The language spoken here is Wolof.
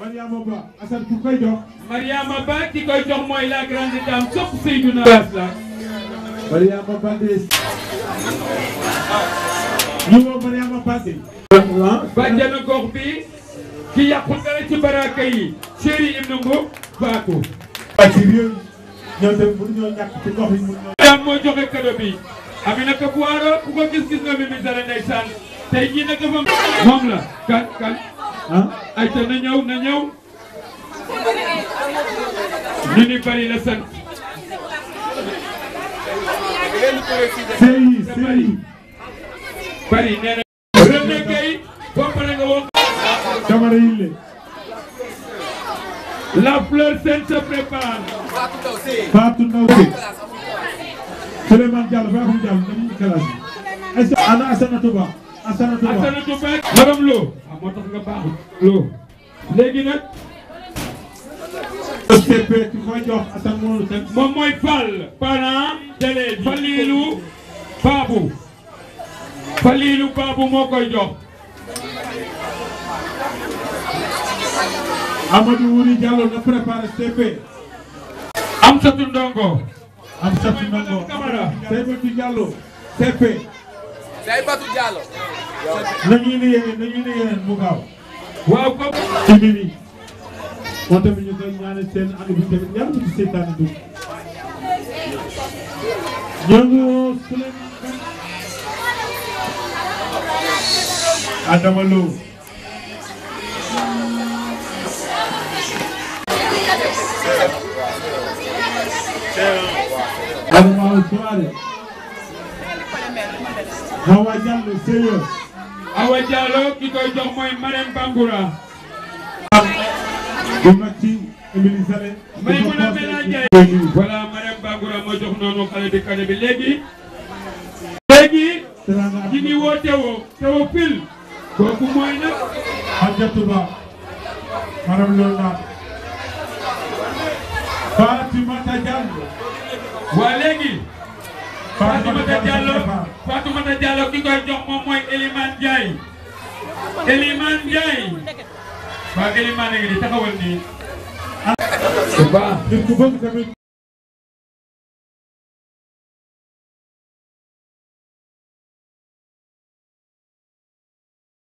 Mariama Ba Assane ku ki koy jox mooy la grande dame sopp Seydouna Bass la. Mariama Ba des. ñu woo Mariama Ba si. bàjjana gox bi ki yàqu dara ci baraka yi chéri Ibn Ngom Bako. waa ci réew ñoo dem bu ñoo ñàkk ci mu ñoo. dam moo joxe kado bi Aminata Kouaro ku ko gis-gis nga mi mi dara ndeysaan tey jii nag dafa moom la kan kan. ah ayca na ñëw na ñëw ñu ni bari la sant sëy sëy bari nee na René Gueye boppale nga woon Camara Yille la fleur sainte se prépare Fatou Ndaw si Souleymane Diallo Fatou Diallo dañuy classe ana Asana Touba Asana Touba Asana Touba Madame Lo moo tax nga baax loo léegi nag STP ki koy jox atam moom moom mooy Fall parent délai Falilu Babu Falilu Babu moo koy jox Amadou Wuri Diallo na préparé STP Amsatou Ndongo Amsatou Ndongo Camara Seybatou Diallo STP Seybatou Diallo nañu indi yeneen nañu indi yeneen mu waaw comme ci mbir yi moom tamit ñu koy ñaanal seen ànd bu tamit yàlla ci seytaane dugg ñooñu su leen Adama Lo Awa Diallo ki koy jox mooy Marème Bangoura. may mën a mel ak Ndiaye. voilà Marème Bangoura moo jox noonu xale bi kane bi léegi. ki ni woo teewoo teewoo mooy nag. Adjatou Ba. madame Lola. Fatimata Diallo. Fatoumata Diallo Fatoumata Diallo ki koy jox moom mooy Elimane Ndiaye Elimane Ndiaye waaw Elimane a ngi di nii. bu ah. baax nit ku bëgg tamit.